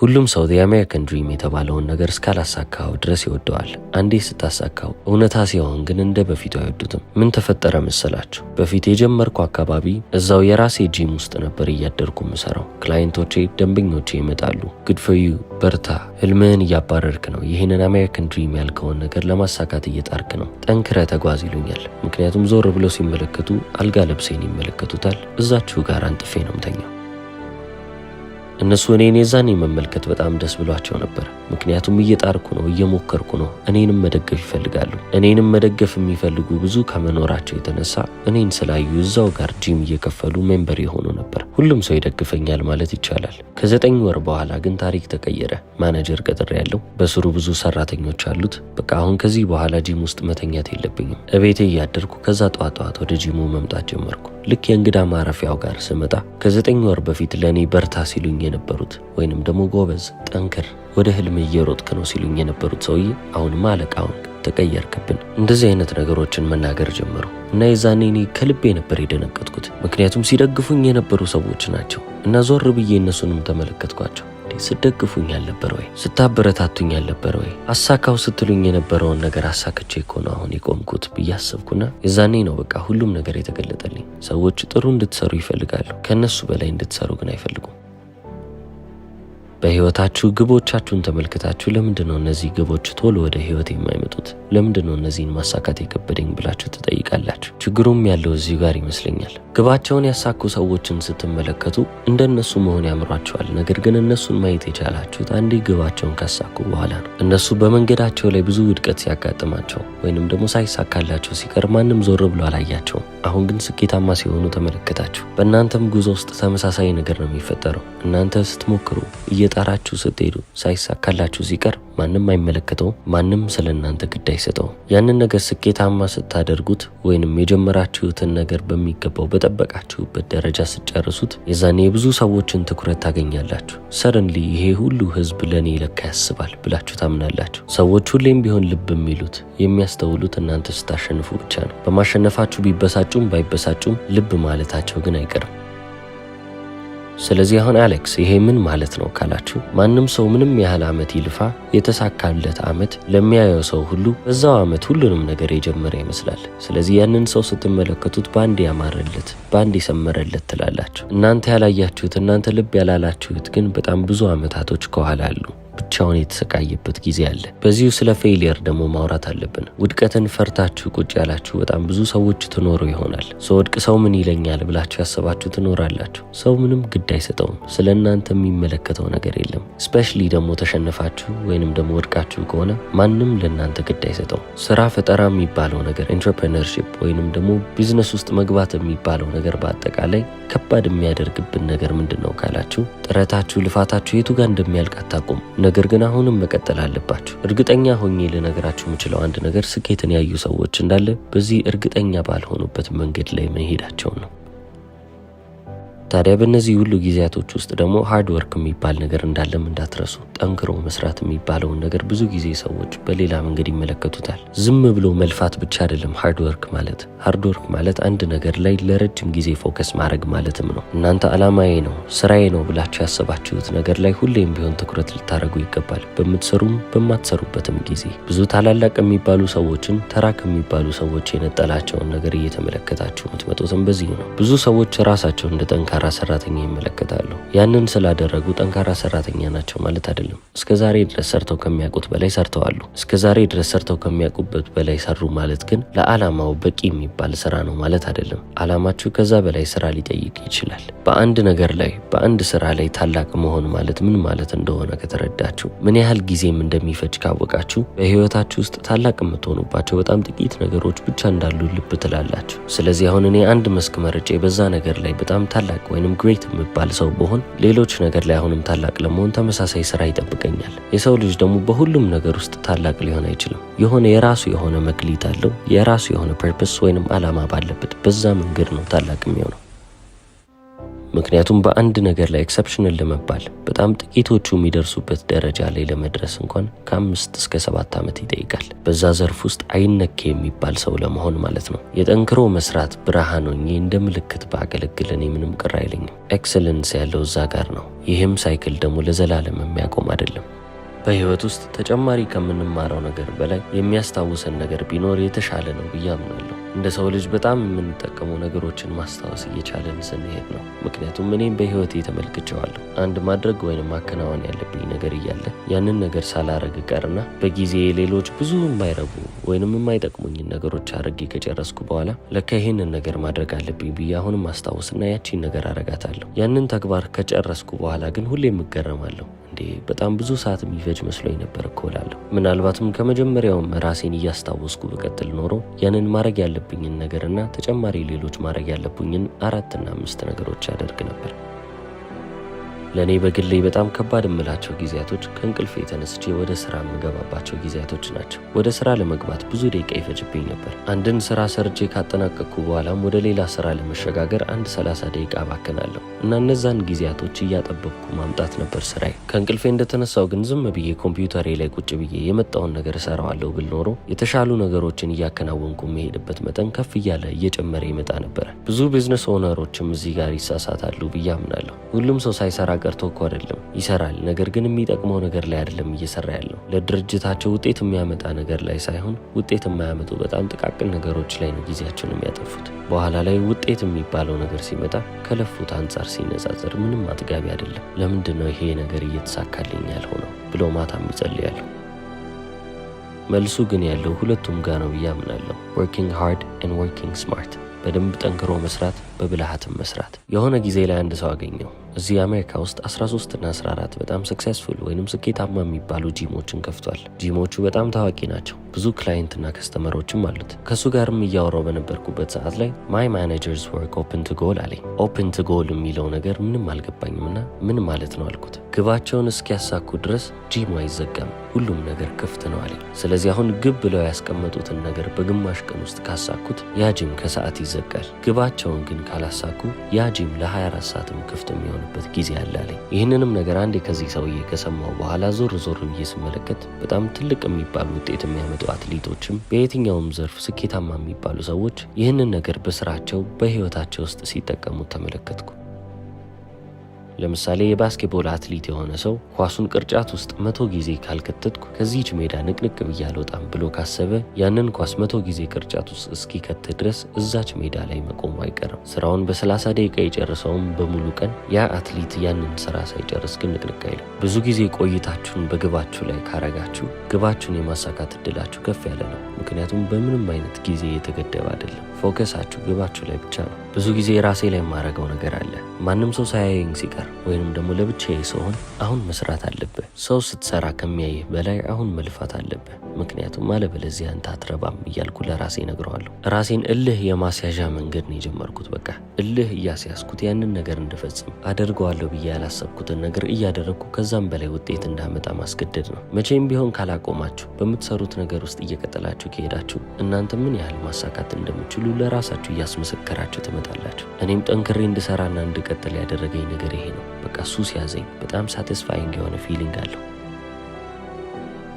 ሁሉም ሰው የአሜሪካን ድሪም የተባለውን ነገር እስካላሳካው ድረስ ይወደዋል። አንዴ ስታሳካው እውነታ ሲሆን ግን እንደ በፊቱ አይወዱትም። ምን ተፈጠረ መሰላችሁ? በፊት የጀመርኩ አካባቢ እዛው የራሴ ጂም ውስጥ ነበር እያደርኩ ምሰራው። ክላይንቶቼ፣ ደንበኞቼ ይመጣሉ። ጉድ ፎር ዩ፣ በርታ፣ ህልምህን እያባረርክ ነው፣ ይህንን አሜሪካን ድሪም ያልከውን ነገር ለማሳካት እየጣርክ ነው፣ ጠንክረ ተጓዝ ይሉኛል። ምክንያቱም ዞር ብለው ሲመለከቱ አልጋ ለብሴን ይመለከቱታል። እዛችሁ ጋር አንጥፌ ነው ምተኛው። እነሱ እኔን የዛኔ መመልከት በጣም ደስ ብሏቸው ነበር። ምክንያቱም እየጣርኩ ነው፣ እየሞከርኩ ነው። እኔንም መደገፍ ይፈልጋሉ። እኔንም መደገፍ የሚፈልጉ ብዙ ከመኖራቸው የተነሳ እኔን ስላዩ እዛው ጋር ጂም እየከፈሉ ሜምበር የሆኑ ነበር። ሁሉም ሰው ይደግፈኛል ማለት ይቻላል። ከዘጠኝ ወር በኋላ ግን ታሪክ ተቀየረ። ማናጀር ቀጥሬ ያለው በስሩ ብዙ ሰራተኞች አሉት። በቃ አሁን ከዚህ በኋላ ጂም ውስጥ መተኛት የለብኝም። እቤቴ እያደርኩ ከዛ ጠዋት ጠዋት ወደ ጂሙ መምጣት ጀመርኩ። ልክ የእንግዳ ማረፊያው ጋር ስመጣ ከዘጠኝ ወር በፊት ለእኔ በርታ ሲሉኝ የነበሩት ወይንም ደግሞ ጎበዝ፣ ጠንክር፣ ወደ ህልም እየሮጥክ ነው ሲሉኝ የነበሩት ሰውዬ አሁንማ አለቃውን ተቀየርክብን፣ እንደዚህ አይነት ነገሮችን መናገር ጀመሩ እና የዛኔ እኔ ከልቤ ነበር የደነገጥኩት። ምክንያቱም ሲደግፉኝ የነበሩ ሰዎች ናቸው እና ዞር ብዬ እነሱንም ተመለከትኳቸው። ስደግፉኝ አልነበር ወይ? ስታበረታቱኝ አልነበር ወይ? አሳካው ስትሉኝ የነበረውን ነገር አሳክቼ እኮ ነው አሁን የቆምኩት ብዬ አሰብኩና የዛኔ ነው በቃ ሁሉም ነገር የተገለጠልኝ። ሰዎች ጥሩ እንድትሰሩ ይፈልጋሉ፣ ከእነሱ በላይ እንድትሰሩ ግን አይፈልጉም። በህይወታችሁ ግቦቻችሁን ተመልክታችሁ ለምንድን ነው እነዚህ ግቦች ቶሎ ወደ ህይወት የማይመጡት? ለምንድን ነው እነዚህን ማሳካት የከበደኝ ብላችሁ ትጠይቃላችሁ። ችግሩም ያለው እዚሁ ጋር ይመስለኛል። ግባቸውን ያሳኩ ሰዎችን ስትመለከቱ እንደነሱ መሆን ያምሯቸዋል። ነገር ግን እነሱን ማየት የቻላችሁት አንዴ ግባቸውን ካሳኩ በኋላ ነው። እነሱ በመንገዳቸው ላይ ብዙ ውድቀት ሲያጋጥማቸው ወይንም ደግሞ ሳይሳካላቸው ሲቀር ማንም ዞር ብሎ አላያቸውም። አሁን ግን ስኬታማ ሲሆኑ ተመለከታችሁ። በእናንተም ጉዞ ውስጥ ተመሳሳይ ነገር ነው የሚፈጠረው። እናንተ ስትሞክሩ ጣራችሁ ስትሄዱ ሳይሳካላችሁ ሲቀር ማንም አይመለከተው፣ ማንም ስለ እናንተ ግድ አይሰጠው። ያንን ነገር ስኬታማ ስታደርጉት ወይንም የጀመራችሁትን ነገር በሚገባው በጠበቃችሁበት ደረጃ ስጨርሱት የዛኔ የብዙ ሰዎችን ትኩረት ታገኛላችሁ። ሰረንሊ ይሄ ሁሉ ህዝብ ለእኔ ለካ ያስባል ብላችሁ ታምናላችሁ። ሰዎች ሁሌም ቢሆን ልብ የሚሉት የሚያስተውሉት እናንተ ስታሸንፉ ብቻ ነው። በማሸነፋችሁ ቢበሳጩም ባይበሳጩም ልብ ማለታቸው ግን አይቀርም። ስለዚህ አሁን አሌክስ ይሄ ምን ማለት ነው ካላችሁ ማንም ሰው ምንም ያህል ዓመት ይልፋ የተሳካለት ዓመት ለሚያየው ሰው ሁሉ በዛው ዓመት ሁሉንም ነገር የጀመረ ይመስላል። ስለዚህ ያንን ሰው ስትመለከቱት በአንድ ያማረለት በአንድ የሰመረለት ትላላችሁ። እናንተ ያላያችሁት እናንተ ልብ ያላላችሁት ግን በጣም ብዙ ዓመታቶች ከኋላ አሉ። ብቻውን የተሰቃየበት ጊዜ አለ። በዚሁ ስለ ፌሊየር ደግሞ ማውራት አለብን። ውድቀትን ፈርታችሁ ቁጭ ያላችሁ በጣም ብዙ ሰዎች ትኖሩ ይሆናል። ስወድቅ ሰው ምን ይለኛል ብላችሁ ያሰባችሁ ትኖራላችሁ። ሰው ምንም ግድ አይሰጠውም። ስለ እናንተ የሚመለከተው ነገር የለም። ስፔሻሊ ደግሞ ተሸንፋችሁ ወይንም ደግሞ ወድቃችሁ ከሆነ ማንም ለእናንተ ግድ አይሰጠውም። ስራ ፈጠራ የሚባለው ነገር ኢንትረፕረነርሺፕ ወይንም ደግሞ ቢዝነስ ውስጥ መግባት የሚባለው ነገር በአጠቃላይ ከባድ የሚያደርግብን ነገር ምንድን ነው ካላችሁ ጥረታችሁ፣ ልፋታችሁ የቱ ጋር እንደሚያልቅ አታቁም። ነገር ግን አሁንም መቀጠል አለባችሁ። እርግጠኛ ሆኜ ልነግራችሁ የምችለው አንድ ነገር ስኬትን ያዩ ሰዎች እንዳለ በዚህ እርግጠኛ ባልሆኑበት መንገድ ላይ መሄዳቸውን ነው። ታዲያ በእነዚህ ሁሉ ጊዜያቶች ውስጥ ደግሞ ሃርድ ወርክ የሚባል ነገር እንዳለም እንዳትረሱ። ጠንክሮ መስራት የሚባለውን ነገር ብዙ ጊዜ ሰዎች በሌላ መንገድ ይመለከቱታል። ዝም ብሎ መልፋት ብቻ አይደለም ሃርድ ወርክ ማለት። ሃርድ ወርክ ማለት አንድ ነገር ላይ ለረጅም ጊዜ ፎከስ ማድረግ ማለትም ነው። እናንተ አላማዬ ነው ስራዬ ነው ብላችሁ ያሰባችሁት ነገር ላይ ሁሌም ቢሆን ትኩረት ልታደረጉ ይገባል፣ በምትሰሩም በማትሰሩበትም ጊዜ። ብዙ ታላላቅ የሚባሉ ሰዎችን ተራ ከሚባሉ ሰዎች የነጠላቸውን ነገር እየተመለከታችሁ የምትመጡትም በዚህ ነው። ብዙ ሰዎች ራሳቸው እንደ ጠንካ ጠንካራ ሰራተኛ ይመለከታሉ። ያንን ስላደረጉ ጠንካራ ሰራተኛ ናቸው ማለት አይደለም። እስከ ዛሬ ድረስ ሰርተው ከሚያውቁት በላይ ሰርተዋሉ። እስከ ዛሬ ድረስ ሰርተው ከሚያውቁበት በላይ ሰሩ ማለት ግን ለዓላማው በቂ የሚባል ስራ ነው ማለት አይደለም። ዓላማችሁ ከዛ በላይ ስራ ሊጠይቅ ይችላል። በአንድ ነገር ላይ በአንድ ስራ ላይ ታላቅ መሆን ማለት ምን ማለት እንደሆነ ከተረዳችሁ፣ ምን ያህል ጊዜም እንደሚፈጅ ካወቃችሁ፣ በህይወታችሁ ውስጥ ታላቅ የምትሆኑባቸው በጣም ጥቂት ነገሮች ብቻ እንዳሉ ልብ ትላላችሁ። ስለዚህ አሁን እኔ አንድ መስክ መርጬ በዛ ነገር ላይ በጣም ታላቅ ወይንም ግሬት የሚባል ሰው በሆን ሌሎች ነገር ላይ አሁንም ታላቅ ለመሆን ተመሳሳይ ስራ ይጠብቀኛል። የሰው ልጅ ደግሞ በሁሉም ነገር ውስጥ ታላቅ ሊሆን አይችልም። የሆነ የራሱ የሆነ መክሊት አለው። የራሱ የሆነ ፐርፐስ ወይንም አላማ ባለበት በዛ መንገድ ነው ታላቅ የሚሆነው። ምክንያቱም በአንድ ነገር ላይ ኤክሰፕሽንን ለመባል በጣም ጥቂቶቹ የሚደርሱበት ደረጃ ላይ ለመድረስ እንኳን ከአምስት እስከ ሰባት ዓመት ይጠይቃል። በዛ ዘርፍ ውስጥ አይነኬ የሚባል ሰው ለመሆን ማለት ነው። የጠንክሮ መስራት ብርሃን ሆኜ እንደ ምልክት ባገለግል እኔ ምንም ቅር አይለኝም። ኤክሰለንስ ያለው እዛ ጋር ነው። ይህም ሳይክል ደግሞ ለዘላለም የሚያቆም አይደለም። በህይወት ውስጥ ተጨማሪ ከምንማረው ነገር በላይ የሚያስታውሰን ነገር ቢኖር የተሻለ ነው ብዬ አምናለሁ። እንደ ሰው ልጅ በጣም የምንጠቀመው ነገሮችን ማስታወስ እየቻለን ስንሄድ ነው። ምክንያቱም እኔም በህይወቴ ተመልክቼዋለሁ። አንድ ማድረግ ወይም ማከናወን ያለብኝ ነገር እያለ ያንን ነገር ሳላረግ ቀርና በጊዜ ሌሎች ብዙ የማይረቡ ወይንም የማይጠቅሙኝን ነገሮች አድርጌ ከጨረስኩ በኋላ ለካ ይህንን ነገር ማድረግ አለብኝ ብዬ አሁንም ማስታወስና ያቺን ነገር አረጋታለሁ። ያንን ተግባር ከጨረስኩ በኋላ ግን ሁሌ የምገረማለሁ። እንዴ በጣም ብዙ ሰዓት የሚፈጅ መስሎ ነበር እኮ እላለሁ። ምናልባትም ከመጀመሪያውም ራሴን እያስታወስኩ በቀጥል ኖሮ ያንን ማድረግ ያለብ ያለብኝን ነገርና ተጨማሪ ሌሎች ማድረግ ያለብኝን አራትና አምስት ነገሮች ያደርግ ነበር። ለእኔ በግሌ በጣም ከባድ የምላቸው ጊዜያቶች ከእንቅልፍ የተነስቼ ወደ ስራ የምገባባቸው ጊዜያቶች ናቸው። ወደ ስራ ለመግባት ብዙ ደቂቃ ይፈጅብኝ ነበር። አንድን ስራ ሰርቼ ካጠናቀቅኩ በኋላም ወደ ሌላ ስራ ለመሸጋገር አንድ 30 ደቂቃ ባክናለሁ እና እነዛን ጊዜያቶች እያጠበቅኩ ማምጣት ነበር ስራዬ። ከእንቅልፌ እንደተነሳው ግን ዝም ብዬ ኮምፒውተሬ ላይ ቁጭ ብዬ የመጣውን ነገር እሰራዋለሁ ብል ኖሮ የተሻሉ ነገሮችን እያከናወንኩ የሚሄድበት መጠን ከፍ እያለ እየጨመረ ይመጣ ነበረ። ብዙ ቢዝነስ ኦነሮችም እዚህ ጋር ይሳሳታሉ ብዬ አምናለሁ። ሁሉም ሰው ሳይሰራ ቀርቶ እኮ አይደለም ይሰራል። ነገር ግን የሚጠቅመው ነገር ላይ አይደለም እየሰራ ያለው ለድርጅታቸው ውጤት የሚያመጣ ነገር ላይ ሳይሆን ውጤት የማያመጡ በጣም ጥቃቅን ነገሮች ላይ ነው ጊዜያቸውን የሚያጠፉት። በኋላ ላይ ውጤት የሚባለው ነገር ሲመጣ ከለፉት አንጻር ሲነጻጸር ምንም አጥጋቢ አይደለም። ለምንድን ነው ይሄ ነገር እየተሳካልኝ ያልሆነው ብሎ ማታም ይጸልያሉ። መልሱ ግን ያለው ሁለቱም ጋር ነው ብዬ አምናለሁ። ወርኪንግ ሃርድ ኤንድ ወርኪንግ ስማርት፣ በደንብ ጠንክሮ መስራት፣ በብልሃትም መስራት። የሆነ ጊዜ ላይ አንድ ሰው አገኘው እዚህ አሜሪካ ውስጥ 13 እና 14 በጣም ሰክሰስፉል ወይም ስኬታማ የሚባሉ ጂሞችን ከፍቷል። ጂሞቹ በጣም ታዋቂ ናቸው። ብዙ ክላይንትና ከስተመሮችም አሉት። ከእሱ ጋርም እያወራው በነበርኩበት ሰዓት ላይ ማይ ማኔጀርስ ወርክ ኦፕን ቱ ጎል አለኝ። ኦፕን ቱ ጎል የሚለው ነገር ምንም አልገባኝም እና ምን ማለት ነው አልኩት። ግባቸውን እስኪያሳኩ ድረስ ጂም አይዘጋም፣ ሁሉም ነገር ክፍት ነው አለኝ። ስለዚህ አሁን ግብ ብለው ያስቀመጡትን ነገር በግማሽ ቀን ውስጥ ካሳኩት ያ ጂም ከሰዓት ይዘጋል። ግባቸውን ግን ካላሳኩ ያ ጂም ለ24 ሰዓትም ክፍት የሚሆንበት ጊዜ አለ አለኝ። ይህንንም ነገር አንዴ ከዚህ ሰውዬ ከሰማው በኋላ ዞር ዞር ብዬ ስመለከት በጣም ትልቅ የሚባሉ ውጤት የሚያመጡ አትሌቶችም በየትኛውም ዘርፍ ስኬታማ የሚባሉ ሰዎች ይህንን ነገር በስራቸው በህይወታቸው ውስጥ ሲጠቀሙ ተመለከትኩ። ለምሳሌ የባስኬትቦል አትሌት የሆነ ሰው ኳሱን ቅርጫት ውስጥ መቶ ጊዜ ካልከተትኩ ከዚች ሜዳ ንቅንቅ ብዬ አልወጣም ብሎ ካሰበ ያንን ኳስ መቶ ጊዜ ቅርጫት ውስጥ እስኪከት ድረስ እዛች ሜዳ ላይ መቆሙ አይቀርም። ስራውን በ30 ደቂቃ የጨረሰውም በሙሉ ቀን ያ አትሌት ያንን ስራ ሳይጨርስ ግን ንቅንቅ አይልም። ብዙ ጊዜ ቆይታችሁን በግባችሁ ላይ ካረጋችሁ ግባችሁን የማሳካት እድላችሁ ከፍ ያለ ነው። ምክንያቱም በምንም አይነት ጊዜ የተገደበ አይደለም። ፎከሳችሁ ግባችሁ ላይ ብቻ ነው። ብዙ ጊዜ ራሴ ላይ የማደርገው ነገር አለ። ማንም ሰው ሳያየኝ ሲቀር ወይንም ደግሞ ለብቻዬ ስሆን አሁን መስራት አለብህ። ሰው ስትሰራ ከሚያይህ በላይ አሁን መልፋት አለብህ፣ ምክንያቱም አለበለዚያ አንተ አትረባም እያልኩ ለራሴ ነግረዋለሁ። ራሴን እልህ የማስያዣ መንገድ ነው የጀመርኩት። በቃ እልህ እያስያዝኩት ያንን ነገር እንድፈጽም አደርገዋለሁ ብዬ ያላሰብኩትን ነገር እያደረግኩ ከዛም በላይ ውጤት እንዳመጣ ማስገደድ ነው። መቼም ቢሆን ካላቆማችሁ፣ በምትሰሩት ነገር ውስጥ እየቀጠላችሁ ከሄዳችሁ እናንተ ምን ያህል ማሳካት እንደምችሉ ሁሉ ለራሳችሁ እያስመሰከራችሁ ትመጣላችሁ። እኔም ጠንክሬ እንድሰራና እንድቀጥል ያደረገኝ ነገር ይሄ ነው። በቃ ሱስ ያዘኝ። በጣም ሳቲስፋይንግ የሆነ ፊሊንግ አለው።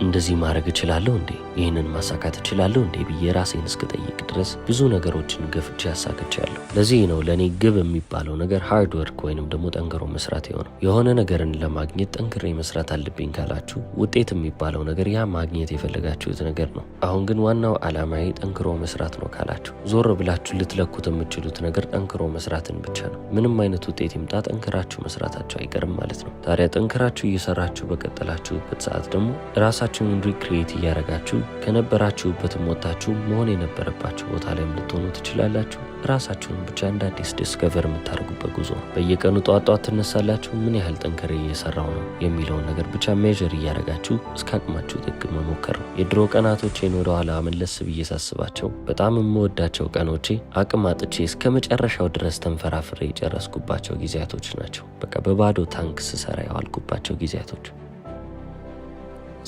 እንደዚህ ማድረግ እችላለሁ እንዴ ይህንን ማሳካት እችላለሁ እንዴ ብዬ ራሴን እስክጠይቅ ድረስ ብዙ ነገሮችን ገፍቼ አሳክቻለሁ። ለዚህ ነው ለእኔ ግብ የሚባለው ነገር ሃርድ ወርክ ወይንም ደግሞ ጠንክሮ መስራት የሆነው። የሆነ ነገርን ለማግኘት ጠንክሬ መስራት አለብኝ ካላችሁ ውጤት የሚባለው ነገር ያ ማግኘት የፈለጋችሁት ነገር ነው። አሁን ግን ዋናው ዓላማዬ ጠንክሮ መስራት ነው ካላችሁ ዞር ብላችሁ ልትለኩት የምችሉት ነገር ጠንክሮ መስራትን ብቻ ነው። ምንም አይነት ውጤት ይምጣ ጠንክራችሁ መስራታችሁ አይቀርም ማለት ነው። ታዲያ ጠንክራችሁ እየሰራችሁ በቀጠላችሁበት ሰዓት ደግሞ ራሳ ራሳችሁን ሪክሬት እያደረጋችሁ ከነበራችሁበትም ወጥታችሁ መሆን የነበረባችሁ ቦታ ላይም ልትሆኑ ትችላላችሁ። ራሳችሁን ብቻ እንደ አዲስ ዲስከቨር የምታደርጉበት ጉዞ በየቀኑ ጧት ትነሳላችሁ። ምን ያህል ጠንከሬ እየሰራው ነው የሚለውን ነገር ብቻ ሜዥር እያደረጋችሁ እስከ አቅማችሁ ጥግ መሞከር ነው። የድሮ ቀናቶቼን ወደኋላ መለስ ብዬ ሳስባቸው በጣም የምወዳቸው ቀኖቼ አቅም አጥቼ እስከ መጨረሻው ድረስ ተንፈራፍሬ የጨረስኩባቸው ጊዜያቶች ናቸው። በቃ በባዶ ታንክ ስሰራ የዋልኩባቸው ጊዜያቶች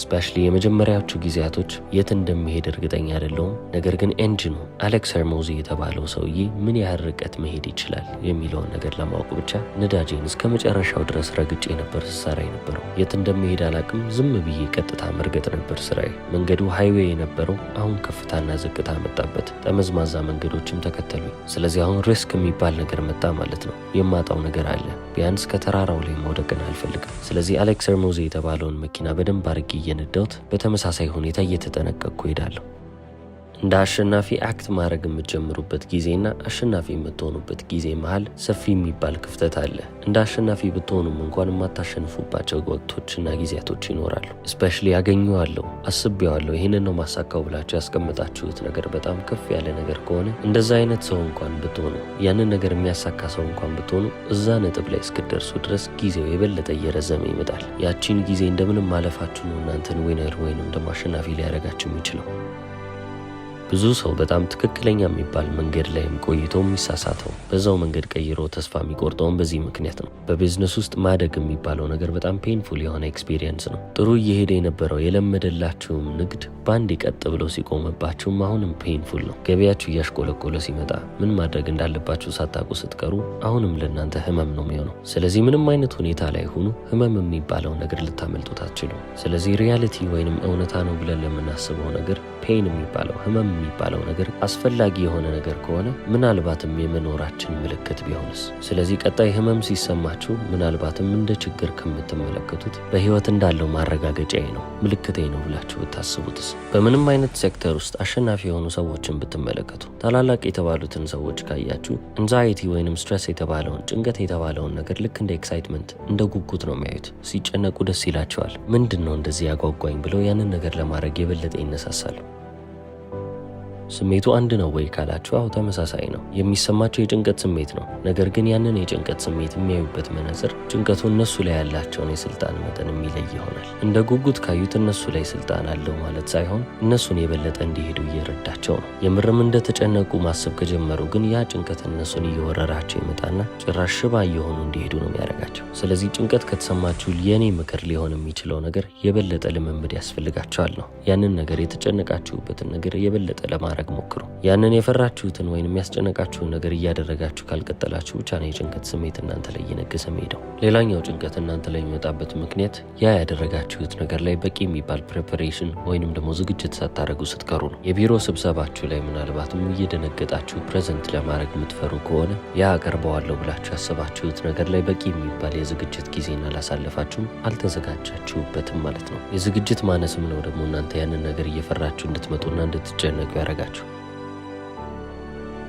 ስፔሻሊ የመጀመሪያዎቹ ጊዜያቶች የት እንደሚሄድ እርግጠኛ አይደለሁም። ነገር ግን ኤንጂኑ አሌክስ ሄርሞዚ የተባለው ሰውዬ ምን ያህል ርቀት መሄድ ይችላል የሚለውን ነገር ለማወቅ ብቻ ነዳጄን እስከ መጨረሻው ድረስ ረግጬ ነበር ስሰራ የነበረው። የት እንደሚሄድ አላቅም። ዝም ብዬ ቀጥታ መርገጥ ነበር ስራዬ። መንገዱ ሃይዌይ የነበረው አሁን ከፍታና ዝቅታ መጣበት። ጠመዝማዛ መንገዶችም ተከተሉ ስለዚህ አሁን ሪስክ የሚባል ነገር መጣ ማለት ነው። የማጣው ነገር አለ። ቢያንስ ከተራራው ላይ መውደቅን አልፈልግም። ስለዚህ አሌክስ ሄርሞዚ የተባለውን መኪና በደንብ አርጌ እየነዳሁት በተመሳሳይ ሁኔታ እየተጠነቀቅኩ ሄዳለሁ። እንደ አሸናፊ አክት ማድረግ የምትጀምሩበት ጊዜና አሸናፊ የምትሆኑበት ጊዜ መሀል ሰፊ የሚባል ክፍተት አለ። እንደ አሸናፊ ብትሆኑም እንኳን የማታሸንፉባቸው ወቅቶችና ጊዜያቶች ይኖራሉ። እስፔሻሊ ያገኘዋለሁ፣ አስቤዋለሁ፣ ይህንን ነው ማሳካው ብላችሁ ያስቀመጣችሁት ነገር በጣም ከፍ ያለ ነገር ከሆነ እንደዛ አይነት ሰው እንኳን ብትሆኑ ያንን ነገር የሚያሳካ ሰው እንኳን ብትሆኑ እዛ ነጥብ ላይ እስክደርሱ ድረስ ጊዜው የበለጠ እየረዘመ ይመጣል። ያቺን ጊዜ እንደምንም ማለፋችሁ ነው እናንተን ዊነር ወይንም ደግሞ አሸናፊ ሊያደርጋችሁ የሚችለው። ብዙ ሰው በጣም ትክክለኛ የሚባል መንገድ ላይም ቆይቶ የሚሳሳተው በዛው መንገድ ቀይሮ ተስፋ የሚቆርጠውን በዚህ ምክንያት ነው። በቢዝነስ ውስጥ ማደግ የሚባለው ነገር በጣም ፔንፉል የሆነ ኤክስፒሪየንስ ነው። ጥሩ እየሄደ የነበረው የለመደላችሁም ንግድ በአንድ ቀጥ ብሎ ሲቆምባችሁም አሁንም ፔንፉል ነው። ገበያችሁ እያሽቆለቆለ ሲመጣ ምን ማድረግ እንዳለባችሁ ሳታውቁ ስትቀሩ አሁንም ለእናንተ ህመም ነው የሚሆነው። ስለዚህ ምንም አይነት ሁኔታ ላይ ሆኑ ህመም የሚባለው ነገር ልታመልጡት አትችሉ። ስለዚህ ሪያሊቲ ወይንም እውነታ ነው ብለን ለምናስበው ነገር ፔን የሚባለው ህመም የሚባለው ነገር አስፈላጊ የሆነ ነገር ከሆነ ምናልባትም የመኖራችን ምልክት ቢሆንስ? ስለዚህ ቀጣይ ህመም ሲሰማችሁ ምናልባትም እንደ ችግር ከምትመለከቱት በህይወት እንዳለው ማረጋገጫዬ ነው ምልክቴ ነው ብላችሁ ብታስቡትስ? በምንም አይነት ሴክተር ውስጥ አሸናፊ የሆኑ ሰዎችን ብትመለከቱ ታላላቅ የተባሉትን ሰዎች ካያችሁ እንዛይቲ ወይንም ስትረስ የተባለውን ጭንቀት የተባለውን ነገር ልክ እንደ ኤክሳይትመንት እንደ ጉጉት ነው የሚያዩት። ሲጨነቁ ደስ ይላቸዋል። ምንድን ነው እንደዚህ ያጓጓኝ ብለው ያንን ነገር ለማድረግ የበለጠ ይነሳሳሉ። ስሜቱ አንድ ነው ወይ ካላችሁ፣ አዎ ተመሳሳይ ነው። የሚሰማቸው የጭንቀት ስሜት ነው። ነገር ግን ያንን የጭንቀት ስሜት የሚያዩበት መነጽር ጭንቀቱ እነሱ ላይ ያላቸውን የስልጣን መጠን የሚለይ ይሆናል። እንደ ጉጉት ካዩት እነሱ ላይ ስልጣን አለው ማለት ሳይሆን እነሱን የበለጠ እንዲሄዱ እየረዳቸው ነው። የምርም እንደተጨነቁ ማሰብ ከጀመሩ ግን ያ ጭንቀት እነሱን እየወረራቸው ይመጣና ጭራሽ ሽባ እየሆኑ እንዲሄዱ ነው የሚያደርጋቸው። ስለዚህ ጭንቀት ከተሰማችሁ የእኔ ምክር ሊሆን የሚችለው ነገር የበለጠ ልምምድ ያስፈልጋቸዋል ነው። ያንን ነገር የተጨነቃችሁበትን ነገር የበለጠ ለማድረግ ለማድረግ ሞክሩ። ያንን የፈራችሁትን ወይም የሚያስጨነቃችሁን ነገር እያደረጋችሁ ካልቀጠላችሁ ብቻ ነው የጭንቀት ስሜት እናንተ ላይ እየነገሰ ሄደው። ሌላኛው ጭንቀት እናንተ ላይ የሚመጣበት ምክንያት ያ ያደረጋችሁት ነገር ላይ በቂ የሚባል ፕሬፐሬሽን ወይንም ደግሞ ዝግጅት ሳታደረጉ ስትቀሩ ነው። የቢሮ ስብሰባችሁ ላይ ምናልባትም እየደነገጣችሁ ፕሬዘንት ለማድረግ የምትፈሩ ከሆነ ያ አቀርበዋለሁ ብላችሁ ያሰባችሁት ነገር ላይ በቂ የሚባል የዝግጅት ጊዜን አላሳለፋችሁም፣ አልተዘጋጃችሁበትም ማለት ነው። የዝግጅት ማነስም ነው ደግሞ እናንተ ያንን ነገር እየፈራችሁ እንድትመጡና እንድትጨነቁ ያደረጋችሁ። 出。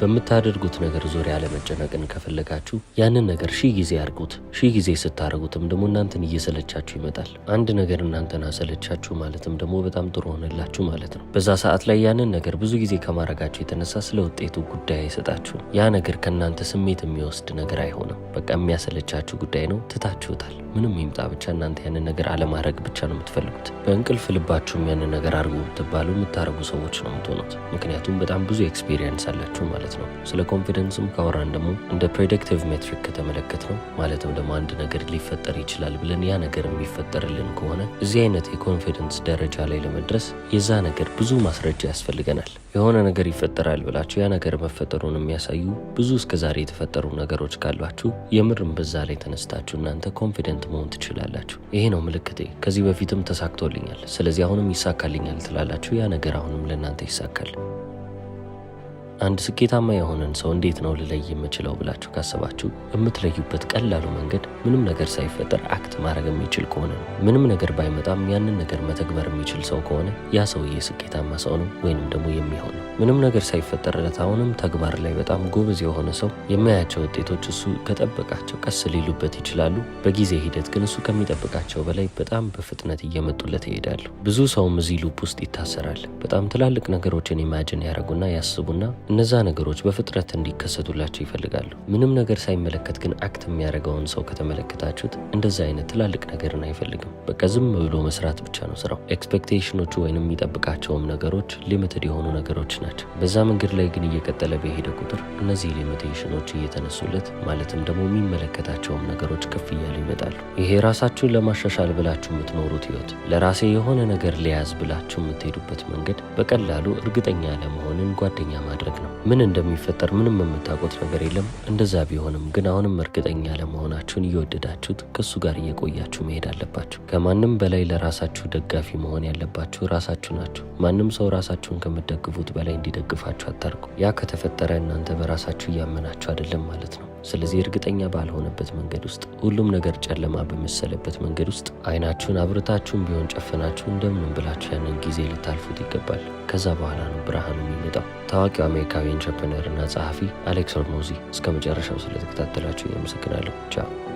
በምታደርጉት ነገር ዙሪያ አለመጨነቅን ከፈለጋችሁ ያንን ነገር ሺህ ጊዜ አድርጉት። ሺህ ጊዜ ስታደርጉትም ደግሞ እናንተን እየሰለቻችሁ ይመጣል። አንድ ነገር እናንተን አሰለቻችሁ ማለትም ደግሞ በጣም ጥሩ ሆነላችሁ ማለት ነው። በዛ ሰዓት ላይ ያንን ነገር ብዙ ጊዜ ከማድረጋችሁ የተነሳ ስለ ውጤቱ ጉዳይ አይሰጣችሁ። ያ ነገር ከእናንተ ስሜት የሚወስድ ነገር አይሆንም። በቃ የሚያሰለቻችሁ ጉዳይ ነው፣ ትታችሁታል። ምንም ይምጣ ብቻ እናንተ ያንን ነገር አለማድረግ ብቻ ነው የምትፈልጉት። በእንቅልፍ ልባችሁም ያንን ነገር አድርጉ ብትባሉ የምታደርጉ ሰዎች ነው የምትሆኑት። ምክንያቱም በጣም ብዙ ኤክስፔሪየንስ አላችሁ ማለት ነው። ማለት ነው። ስለ ኮንፊደንስም ካወራን ደግሞ እንደ ፕሬዲክቲቭ ሜትሪክ ከተመለከት ነው ማለትም ደግሞ አንድ ነገር ሊፈጠር ይችላል ብለን ያ ነገር የሚፈጠርልን ከሆነ እዚህ አይነት የኮንፊደንስ ደረጃ ላይ ለመድረስ የዛ ነገር ብዙ ማስረጃ ያስፈልገናል። የሆነ ነገር ይፈጠራል ብላችሁ ያ ነገር መፈጠሩን የሚያሳዩ ብዙ እስከዛሬ የተፈጠሩ ነገሮች ካሏችሁ የምርም በዛ ላይ ተነስታችሁ እናንተ ኮንፊደንት መሆን ትችላላችሁ። ይሄ ነው ምልክቴ። ከዚህ በፊትም ተሳክቶልኛል፣ ስለዚህ አሁንም ይሳካልኛል ትላላችሁ። ያ ነገር አሁንም ለእናንተ ይሳካል። አንድ ስኬታማ የሆነን ሰው እንዴት ነው ልለይ የምችለው ብላችሁ ካሰባችሁ የምትለዩበት ቀላሉ መንገድ ምንም ነገር ሳይፈጠር አክት ማድረግ የሚችል ከሆነ ነው። ምንም ነገር ባይመጣም ያንን ነገር መተግበር የሚችል ሰው ከሆነ ያ ሰውዬ ስኬታማ ሰው ነው ወይንም ደግሞ የሚሆን ምንም ነገር ሳይፈጠርለት አሁንም ተግባር ላይ በጣም ጎበዝ የሆነ ሰው የሚያያቸው ውጤቶች እሱ ከጠበቃቸው ቀስ ሊሉበት ይችላሉ። በጊዜ ሂደት ግን እሱ ከሚጠብቃቸው በላይ በጣም በፍጥነት እየመጡለት ይሄዳሉ። ብዙ ሰውም እዚህ ሉፕ ውስጥ ይታሰራል። በጣም ትላልቅ ነገሮችን ኢማጅን ያደርጉና ያስቡና እነዛ ነገሮች በፍጥረት እንዲከሰቱላቸው ይፈልጋሉ። ምንም ነገር ሳይመለከት ግን አክት የሚያደርገውን ሰው ከተመለከታችሁት እንደዛ አይነት ትላልቅ ነገርን አይፈልግም። በቃ ዝም ብሎ መስራት ብቻ ነው ስራው። ኤክስፔክቴሽኖቹ ወይም የሚጠብቃቸውም ነገሮች ሊሚትድ የሆኑ ነገሮች ናቸው። መንገድ። በዛ መንገድ ላይ ግን እየቀጠለ በሄደ ቁጥር እነዚህ ሊሚቴሽኖች እየተነሱለት ማለትም ደግሞ የሚመለከታቸውም ነገሮች ከፍ እያሉ ይመጣሉ። ይሄ ራሳችሁን ለማሻሻል ብላችሁ የምትኖሩት ህይወት፣ ለራሴ የሆነ ነገር ሊያዝ ብላችሁ የምትሄዱበት መንገድ በቀላሉ እርግጠኛ ለመሆንን ጓደኛ ማድረግ ነው። ምን እንደሚፈጠር ምንም የምታውቁት ነገር የለም። እንደዛ ቢሆንም ግን አሁንም እርግጠኛ ለመሆናችሁን እየወደዳችሁት ከእሱ ጋር እየቆያችሁ መሄድ አለባችሁ። ከማንም በላይ ለራሳችሁ ደጋፊ መሆን ያለባችሁ ራሳችሁ ናችሁ። ማንም ሰው ራሳችሁን ከምትደግፉት በላይ ላይ እንዲደግፋችሁ አታርጉ። ያ ከተፈጠረ እናንተ በራሳችሁ እያመናችሁ አይደለም ማለት ነው። ስለዚህ እርግጠኛ ባልሆነበት መንገድ ውስጥ፣ ሁሉም ነገር ጨለማ በመሰለበት መንገድ ውስጥ አይናችሁን አብርታችሁን ቢሆን ጨፍናችሁ እንደምንም ብላችሁ ያንን ጊዜ ልታልፉት ይገባል። ከዛ በኋላ ነው ብርሃኑ የሚመጣው። ታዋቂው አሜሪካዊ ኢንተርፕረነር እና ጸሐፊ አሌክስ ኦርሞዚ። እስከ መጨረሻው ስለተከታተላችሁ ያመሰግናለሁ። ቻው